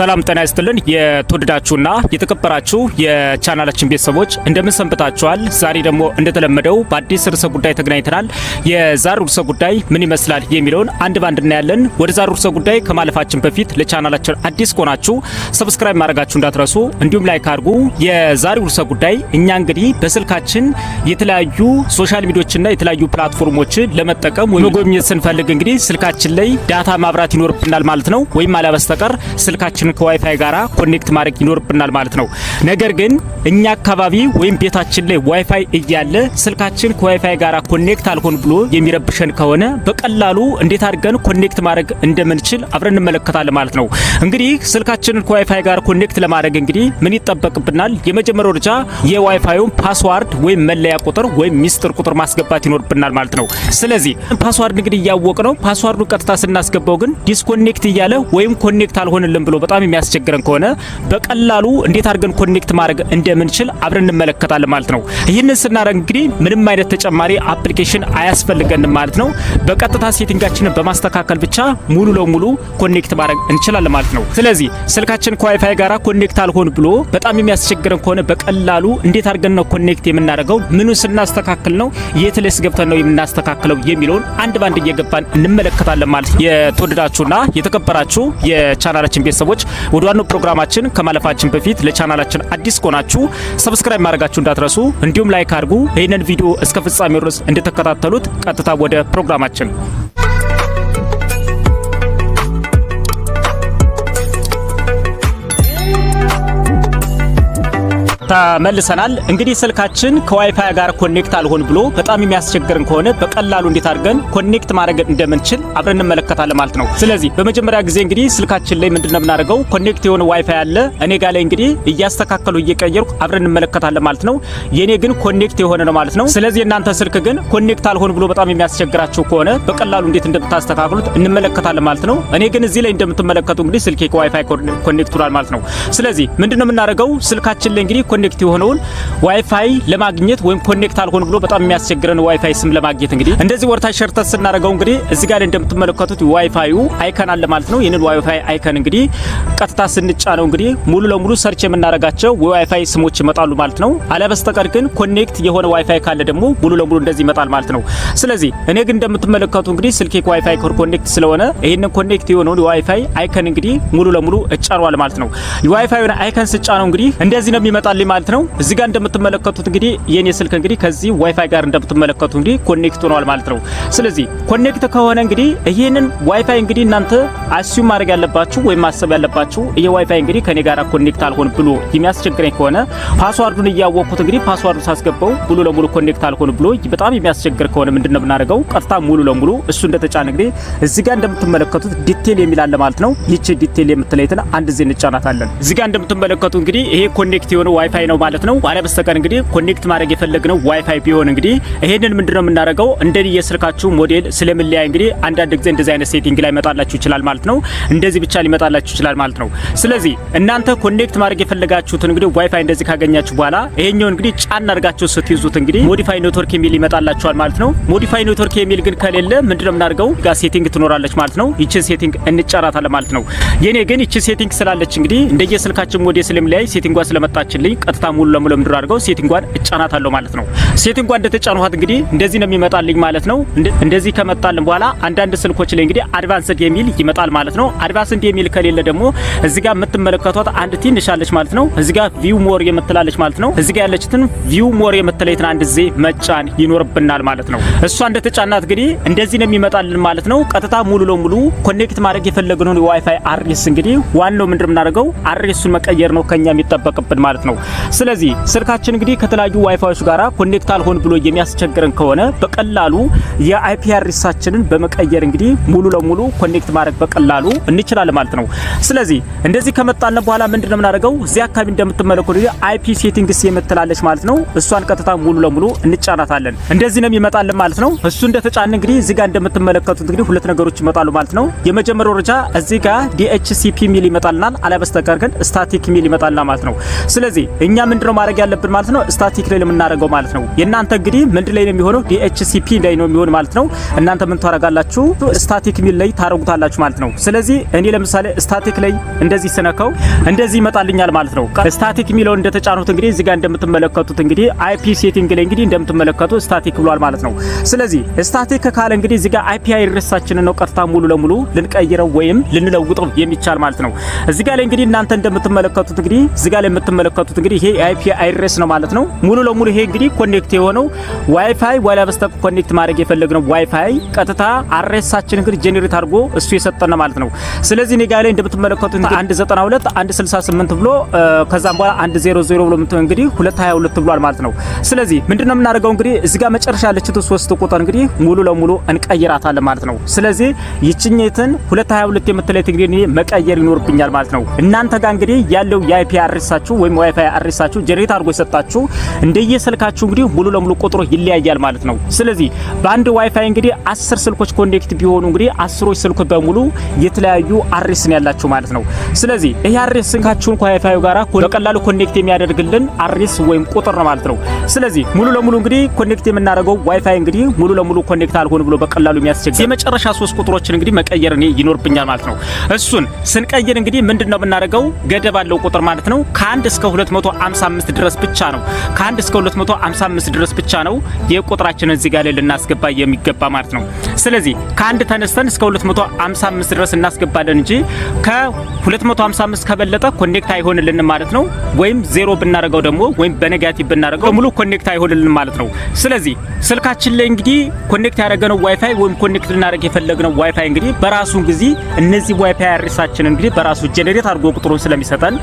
ሰላም ጤና ይስጥልን። የተወደዳችሁና የተከበራችሁ የቻናላችን ቤተሰቦች እንደምን ሰንብታችኋል? ዛሬ ደግሞ እንደተለመደው በአዲስ ርዕሰ ጉዳይ ተገናኝተናል። የዛሬው ርዕሰ ጉዳይ ምን ይመስላል የሚለውን አንድ ባንድ እናያለን። ወደ ዛሬው ርዕሰ ጉዳይ ከማለፋችን በፊት ለቻናላችን አዲስ ከሆናችሁ ሰብስክራይብ ማድረጋችሁ እንዳትረሱ፣ እንዲሁም ላይክ አድርጉ። የዛሬው ርዕሰ ጉዳይ እኛ እንግዲህ በስልካችን የተለያዩ ሶሻል ሚዲያዎችና የተለያዩ ፕላትፎርሞችን ለመጠቀም ወይ መጎብኘት ስንፈልግ እንግዲህ ስልካችን ላይ ዳታ ማብራት ይኖርብናል ማለት ነው ወይም አለበስተቀር ስልካችን ስልካችንን ከዋይፋይ ጋራ ኮኔክት ማድረግ ይኖርብናል ማለት ነው። ነገር ግን እኛ አካባቢ ወይም ቤታችን ላይ ዋይፋይ እያለ ስልካችን ከዋይፋይ ጋራ ኮኔክት አልሆን ብሎ የሚረብሸን ከሆነ በቀላሉ እንዴት አድርገን ኮኔክት ማድረግ እንደምንችል አብረን እንመለከታለን ማለት ነው። እንግዲህ ስልካችንን ከዋይፋይ ጋር ኮኔክት ለማድረግ እንግዲህ ምን ይጠበቅብናል? የመጀመሪያው ደረጃ የዋይፋዩን ፓስዋርድ ወይም መለያ ቁጥር ወይም ሚስጥር ቁጥር ማስገባት ይኖርብናል ማለት ነው። ስለዚህ ፓስዋርድ እንግዲህ እያወቅ ነው ፓስዋርዱን ቀጥታ ስናስገባው ግን ዲስኮኔክት እያለ ወይም ኮኔክት አልሆንልን ብሎ በጣም የሚያስቸግረን ከሆነ በቀላሉ እንዴት አድርገን ኮኔክት ማድረግ እንደምንችል አብረን እንመለከታለን ማለት ነው። ይህንን ስናደርግ እንግዲህ ምንም አይነት ተጨማሪ አፕሊኬሽን አያስፈልገንም ማለት ነው። በቀጥታ ሴቲንጋችንን በማስተካከል ብቻ ሙሉ ለሙሉ ኮኔክት ማድረግ እንችላለን ማለት ነው። ስለዚህ ስልካችን ከዋይፋይ ጋር ኮኔክት አልሆን ብሎ በጣም የሚያስቸግረን ከሆነ በቀላሉ እንዴት አድርገን ነው ኮኔክት የምናደርገው፣ ምኑ ስናስተካክል ነው፣ የት ላይስ ገብተን ነው የምናስተካክለው የሚለውን አንድ ባንድ እየገባን እንመለከታለን ማለት ነው። የተወደዳችሁና የተከበራችሁ የቻናላችን ቤተሰቦች ተመልካቾች ወደ ዋናው ፕሮግራማችን ከማለፋችን በፊት ለቻናላችን አዲስ ከሆናችሁ ሰብስክራይብ ማድረጋችሁ እንዳትረሱ፣ እንዲሁም ላይክ አድርጉ። ይህንን ቪዲዮ እስከ ፍጻሜው ድረስ እንደተከታተሉት ቀጥታ ወደ ፕሮግራማችን ተመልሰናል። እንግዲህ ስልካችን ከዋይፋይ ጋር ኮኔክት አልሆን ብሎ በጣም የሚያስቸግርን ከሆነ በቀላሉ እንዴት አድርገን ኮኔክት ማድረግ እንደምንችል አብረን እንመለከታለን ማለት ነው። ስለዚህ በመጀመሪያ ጊዜ እንግዲህ ስልካችን ላይ ምንድነው የምናደርገው? ኮኔክት የሆነ ዋይፋይ አለ እኔ ጋር ላይ እንግዲህ እያስተካከሉ እየቀየርኩ አብረን እንመለከታለን ማለት ነው። የኔ ግን ኮኔክት የሆነ ነው ማለት ነው። ስለዚህ እናንተ ስልክ ግን ኮኔክት አልሆን ብሎ በጣም የሚያስቸግራችሁ ከሆነ በቀላሉ እንዴት እንደምታስተካክሉት እንመለከታለን ማለት ነው። እኔ ግን እዚህ ላይ እንደምትመለከቱ እንግዲህ ስልኬ ከዋይፋይ ኮኔክት ሆኗል ማለት ነው። ስለዚህ ምንድነው የምናደርገው ስልካችን ላይ እንግዲህ ኮኔክት የሆነውን ዋይፋይ ለማግኘት ወይም ኮኔክት አልሆን ብሎ በጣም የሚያስቸግረን ዋይፋይ ስም ለማግኘት እንግዲህ እንደዚህ ወርታ ሸርተ ስናደርገው እንግዲህ እዚህ ጋር እንደምትመለከቱት ዋይፋዩ አይከን አለ ማለት ነው። ይህንን ዋይፋይ አይከን እንግዲህ ቀጥታ ስንጫ ነው እንግዲህ ሙሉ ለሙሉ ሰርች የምናደርጋቸው ዋይፋይ ስሞች ይመጣሉ ማለት ነው። አለበስተቀር ግን ኮኔክት የሆነ ዋይፋይ ካለ ደግሞ ሙሉ ለሙሉ እንደዚህ ይመጣል ማለት ነው። ስለዚህ እኔ ግን እንደምትመለከቱ እንግዲህ ስልኬ ዋይፋይ ኮኔክት ስለሆነ ይህንን ኮኔክት የሆነውን ዋይፋይ አይከን እንግዲህ ሙሉ ለሙሉ እጫኗል ማለት ነው። ዋይፋዩን አይከን ስጫ ነው እንግዲህ እንደዚህ ነው የሚመጣል ማለት ነው። እዚህ ጋር እንደምትመለከቱት እንግዲህ የኔ ስልክ እንግዲህ ከዚህ ዋይፋይ ጋር እንደምትመለከቱ እንግዲህ ኮኔክት ሆኗል ማለት ነው። ስለዚህ ኮኔክት ከሆነ እንግዲህ ይህንን ዋይፋይ እንግዲህ እናንተ አስዩም ማድረግ ያለባችሁ ወይም ማሰብ ያለባችሁ ይሄ ዋይፋይ እንግዲህ ከኔ ጋር ኮኔክት አልሆን ብሎ የሚያስቸግረኝ ከሆነ ፓስዋርዱን እያወቅኩት እንግዲህ ፓስዋርዱ ሳስገባው ሙሉ ለሙሉ ኮኔክት አልሆን ብሎ በጣም የሚያስቸግር ከሆነ ምንድን ነው የምናደርገው? ቀጥታ ሙሉ ለሙሉ እሱ እንደተጫነ እንግዲህ እዚህ ጋር እንደምትመለከቱት ዲቴል የሚል አለ ማለት ነው። ይቺ ዲቴል የምትለይትን አንድ ዜ እንጫናታለን። እዚህ ጋር እንደምትመለከቱ እንግዲህ ይሄ ኮኔክት የሆነ ዋይፋይ ዋይፋይ ነው ማለት ነው። አለ በስተቀር እንግዲህ ኮኔክት ማድረግ የፈለግነው ዋይፋይ ቢሆን እንግዲህ ይሄንን ምንድነው የምናደርገው እንደኔ የስልካችሁ ሞዴል ስለምለያይ እንግዲህ አንዳንድ ጊዜ እንደዚህ አይነት ሴቲንግ ላይ መጣላችሁ ይችላል ማለት ነው። እንደዚህ ብቻ ሊመጣላችሁ ይችላል ማለት ነው። ስለዚህ እናንተ ኮኔክት ማድረግ የፈለጋችሁትን እንግዲህ ዋይፋይ እንደዚህ ካገኛችሁ በኋላ ይሄኛው እንግዲህ ጫና አድርጋችሁ ስትይዙት እንግዲህ ሞዲፋይ ኔትወርክ የሚል ይመጣላችኋል ማለት ነው። ሞዲፋይ ኔትወርክ የሚል ግን ከሌለ ምንድነው የምናደርገው ጋ ሴቲንግ ትኖራለች ማለት ነው። ይችን ሴቲንግ እንጫራታለን ማለት ነው። የኔ ግን ይችን ሴቲንግ ስላለች እንግዲህ እንደየስልካችን ሞዴል ስለምለያይ ሴቲንጓ ስለመጣችልኝ ቀጥታ ሙሉ ለሙሉ ምድር አድርገው ሴቲንጓን እጫናታለሁ ማለት ነው። ሴቲንጓን እንደተጫኗት እንግዲህ እንደዚህ ነው የሚመጣልኝ ማለት ነው። እንደዚህ ከመጣልን በኋላ አንዳንድ ስልኮች ላይ እንግዲህ አድቫንስድ የሚል ይመጣል ማለት ነው። አድቫንስድ የሚል ከሌለ ደግሞ እዚህ ጋር የምትመለከቷት አንድ ትንሽ አለች ማለት ነው። እዚህ ጋር ቪው ሞር የምትላለች ማለት ነው። እዚህ ጋር ያለችትን ቪው ሞር የምትለይትን አንድ ዜ መጫን ይኖርብናል ማለት ነው። እሷ እንደተጫናት እንግዲህ እንደዚህ ነው የሚመጣልን ማለት ነው። ቀጥታ ሙሉ ለሙሉ ኮኔክት ማድረግ የፈለግነውን የዋይፋይ አድሬስ እንግዲህ ዋናው ምንድን የምናደርገው አድሬሱን መቀየር ነው ከኛ የሚጠበቅብን ማለት ነው። ስለዚህ ስልካችን እንግዲህ ከተለያዩ ዋይፋዮች ጋራ ኮኔክት አልሆን ብሎ የሚያስቸግረን ከሆነ በቀላሉ የአይፒ አድሬሳችንን በመቀየር እንግዲህ ሙሉ ለሙሉ ኮኔክት ማድረግ በቀላሉ እንችላለን ማለት ነው። ስለዚህ እንደዚህ ከመጣልን በኋላ ምንድነው የምናደርገው? እዚህ አካባቢ እንደምትመለከቱ አይፒ ሴቲንግስ የምትላለች ማለት ነው። እሷን ቀጥታ ሙሉ ለሙሉ እንጫናታለን። እንደዚህ ነው የሚመጣልን ማለት ነው። እሱ እንደተጫነ እንግዲህ እዚህ ጋር እንደምትመለከቱት እንግዲህ ሁለት ነገሮች ይመጣሉ ማለት ነው። የመጀመሪያው ደረጃ እዚህ ጋር ዲኤችሲፒ ሚል ይመጣልናል፣ አለበስተቀር ግን ስታቲክ ሚል ይመጣልና ማለት ነው። ስለዚህ እኛ ምንድነው ማድረግ ያለብን ማለት ነው ስታቲክ ላይ የምናደርገው ማለት ነው። የእናንተ እንግዲህ ምንድ ላይ ነው የሚሆነው ዲኤችሲፒ ላይ ነው የሚሆን ማለት ነው። እናንተ ምን ታረጋላችሁ ስታቲክ ሚል ላይ ታረጉታላችሁ ማለት ነው። ስለዚህ እኔ ለምሳሌ ስታቲክ ላይ እንደዚህ ስነካው እንደዚህ ይመጣልኛል ማለት ነው። ስታቲክ ሚለውን እንደተጫኑት እንግዲህ እዚጋ እንደምትመለከቱት እንግዲህ አይፒ ሴቲንግ ላይ እንግዲህ እንደምትመለከቱ ስታቲክ ብሏል ማለት ነው። ስለዚህ ስታቲክ ካለ እንግዲህ እዚጋ አይፒ አይረሳችንን ነው ቀጥታ ሙሉ ለሙሉ ልንቀይረው ወይም ልንለውጠው የሚቻል ማለት ነው። እዚጋ ላይ እንግዲህ እናንተ እንደምትመለከቱት እንግዲህ እዚጋ ላይ የምትመለከቱት እንግዲህ ይሄ አይፒ አይድረስ ነው ማለት ነው። ሙሉ ለሙሉ ይሄ እንግዲህ ኮኔክት የሆነው ዋይፋይ ወላ በስተ ኮኔክት ማድረግ የፈለግነው ዋይፋይ ቀጥታ አድሬሳችን እንግዲህ ጄኔሬት አድርጎ እሱ የሰጠን ማለት ነው። ስለዚህ እኔ ጋር ላይ እንደምትመለከቱት 192 168 ብሎ ከዛም በኋላ 100 ብሎ እንግዲህ 222 ብሏል ማለት ነው። ስለዚህ ምንድነው የምናደርገው እንግዲህ እዚህ ጋር መጨረሻ ያለችው ሶስት ቁጥር እንግዲህ ሙሉ ለሙሉ እንቀይራታለን ማለት ነው። ስለዚህ ይችኝትን 222 የምትለይት እንግዲህ መቀየር ይኖርብኛል ማለት ነው። እናንተ ጋር እንግዲህ ያለው የአይፒ አድሬሳችሁ ወይም ዋይፋይ አድሬሳችሁ ጀኔሬት አድርጎ የሰጣችሁ እንደየስልካችሁ እንግዲህ ሙሉ ለሙሉ ቁጥሩ ይለያያል ማለት ነው። ስለዚህ በአንድ ዋይፋይ እንግዲህ አስር ስልኮች ኮኔክት ቢሆኑ እንግዲህ አስሮች ስልኮች በሙሉ የተለያዩ አድሬስ ነው ያላችሁ ማለት ነው። ስለዚህ ይሄ አድሬስ ስልካችሁን ከዋይፋዩ ጋራ በቀላሉ ኮኔክት የሚያደርግልን አድሬስ ወይም ቁጥር ነው ማለት ነው። ስለዚህ ሙሉ ለሙሉ እንግዲህ ኮኔክት የምናደርገው ዋይፋይ እንግዲህ ሙሉ ለሙሉ ኮኔክት አልሆን ብሎ በቀላሉ የሚያስቸግር የመጨረሻ ሶስት ቁጥሮችን እንግዲህ መቀየር እኔ ይኖርብኛል ማለት ነው። እሱን ስንቀይር እንግዲህ ምንድነው የምናደርገው ገደብ አለው ቁጥር ማለት ነው። ከአንድ እስከ 200 255 ድረስ ብቻ ነው። ከ1 እስከ 255 ድረስ ብቻ ነው የቁጥራችንን እዚህ ጋር ላይ ልናስገባ የሚገባ ማለት ነው። ስለዚህ ከአንድ ተነስተን እስከ 255 ድረስ እናስገባለን እንጂ ከ255 ከበለጠ ኮኔክት አይሆንልንም ማለት ነው። ወይም ዜሮ ብናረገው ደግሞ ወይም በኔጋቲቭ ብናረገው ሙሉ ኮኔክት አይሆንልን ማለት ነው። ስለዚህ ስልካችን ላይ እንግዲህ ኮኔክት ያደረገነው ዋይፋይ ወይም ኮኔክት ልናረግ የፈለግነው ዋይፋይ እንግዲህ በራሱ ጊዜ እነዚህ ዋይፋይ አድሬሳችን እንግዲህ በራሱ ጄኔሬት አድርጎ ቁጥሩን ስለሚሰጠን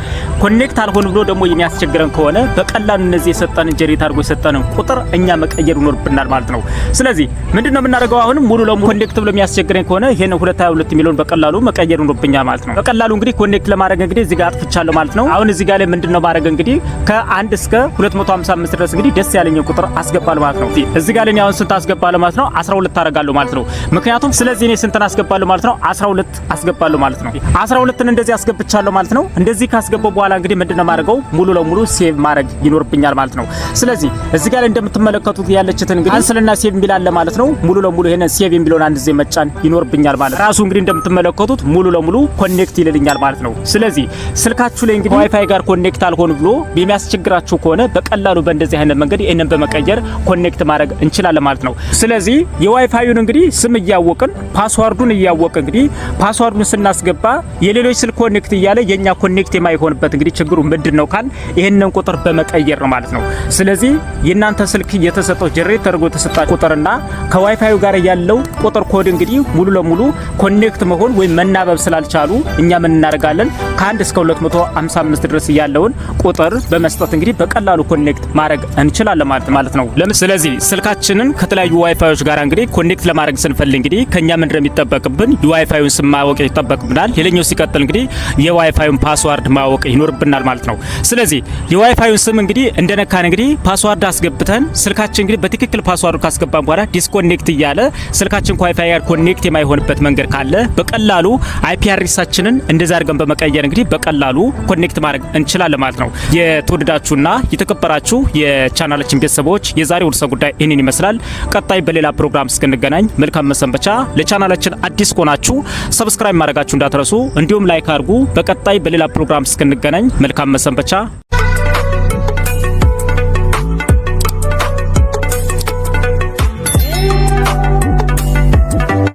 ኮኔክት አልሆን ብሎ ደግሞ የሚያስ የሚያስቸግረን ከሆነ በቀላሉ እነዚህ የሰጠንን ጀሬት አድርጎ የሰጠንን ቁጥር እኛ መቀየር ይኖርብናል ማለት ነው። ስለዚህ ምንድን ነው የምናደርገው? አሁንም ሙሉ ለሙሉ ኮኔክት ብሎ የሚያስቸግረን ከሆነ ይሄን 222 የሚለውን በቀላሉ መቀየር ይኖርብኛል ማለት ነው። በቀላሉ እንግዲህ ኮኔክት ለማድረግ እንግዲህ እዚህ ጋር አጥፍቻለሁ ማለት ነው። አሁን እዚህ ጋር ላይ ምንድን ነው ማድረግ እንግዲህ ከአንድ እስከ 255 ድረስ እንግዲህ ደስ ያለኝ ቁጥር አስገባለሁ ማለት ነው። እዚህ ጋር ላይ አሁን ስንት አስገባለሁ ማለት ነው? 12 አደርጋለሁ ማለት ነው። ምክንያቱም ስለዚህ እኔ ስንትን አስገባለሁ ማለት ነው? 12 አስገባለሁ ማለት ነው። 12ን እንደዚህ አስገብቻለሁ ማለት ነው። እንደዚህ ካስገባው በኋላ እንግዲህ ምንድን ነው ማድረገው ሙሉ በሙሉ ሴቭ ማድረግ ይኖርብኛል ማለት ነው። ስለዚህ እዚህ ጋር እንደምትመለከቱት ያለችትን እንግዲህ ካንስልና ሴቭ የሚላለ ማለት ነው። ሙሉ ለሙሉ ይሄንን ሴቭ የሚለውን አንድ ጊዜ መጫን ይኖርብኛል ማለት ራሱ እንግዲህ እንደምትመለከቱት ሙሉ ለሙሉ ኮኔክት ይልልኛል ማለት ነው። ስለዚህ ስልካችሁ ላይ እንግዲህ ዋይፋይ ጋር ኮኔክት አልሆን ብሎ የሚያስቸግራችሁ ከሆነ በቀላሉ በእንደዚህ አይነት መንገድ ይሄንን በመቀየር ኮኔክት ማድረግ እንችላለን ማለት ነው። ስለዚህ የዋይፋዩን እንግዲህ ስም እያወቅን ፓስዋርዱን እያወቅን እንግዲህ ፓስዋርዱን ስናስገባ የሌሎች ስልክ ኮኔክት እያለ የኛ ኮኔክት የማይሆንበት እንግዲህ ችግሩ ምንድን ነው ካል ይህንን ቁጥር በመቀየር ነው ማለት ነው። ስለዚህ የእናንተ ስልክ የተሰጠው ጀሬት ተደርጎ የተሰጣ ቁጥርና ከዋይፋዩ ጋር ያለው ቁጥር ኮድ እንግዲህ ሙሉ ለሙሉ ኮኔክት መሆን ወይም መናበብ ስላልቻሉ እኛ ምን እናደርጋለን? ከአንድ እስከ 255 ድረስ ያለውን ቁጥር በመስጠት እንግዲህ በቀላሉ ኮኔክት ማድረግ እንችላለን ማለት ነው። ስለዚህ ስልካችንን ከተለያዩ ዋይፋዮች ጋር እንግዲህ ኮኔክት ለማድረግ ስንፈል እንግዲህ ከኛ ምን እንደሚጠበቅብን የዋይፋዩን ስም ማወቅ ይጠበቅብናል። ሌላኛው ሲቀጥል እንግዲህ የዋይፋዩን ፓስዋርድ ማወቅ ይኖርብናል ማለት ነው። ስለዚህ ስለዚህ የዋይፋዩን ስም እንግዲህ እንደነካን እንግዲህ ፓስዋርድ አስገብተን ስልካችን እንግዲህ በትክክል ፓስዋርድ ካስገባን በኋላ ዲስኮኔክት እያለ ስልካችን ከዋይፋይ ጋር ኮኔክት የማይሆንበት መንገድ ካለ በቀላሉ አይፒ አድሬሳችንን እንደዛ አድርገን በመቀየር እንግዲህ በቀላሉ ኮኔክት ማድረግ እንችላለን ማለት ነው። የተወደዳችሁና የተከበራችሁ የቻናላችን ቤተሰቦች የዛሬው ርዕሰ ጉዳይ ይህንን ይመስላል። ቀጣይ በሌላ ፕሮግራም እስክንገናኝ መልካም መሰንበቻ። ለቻናላችን አዲስ ከሆናችሁ ሰብስክራይብ ማድረጋችሁ እንዳትረሱ፣ እንዲሁም ላይክ አድርጉ። በቀጣይ በሌላ ፕሮግራም እስክንገናኝ መልካም መሰንበቻ።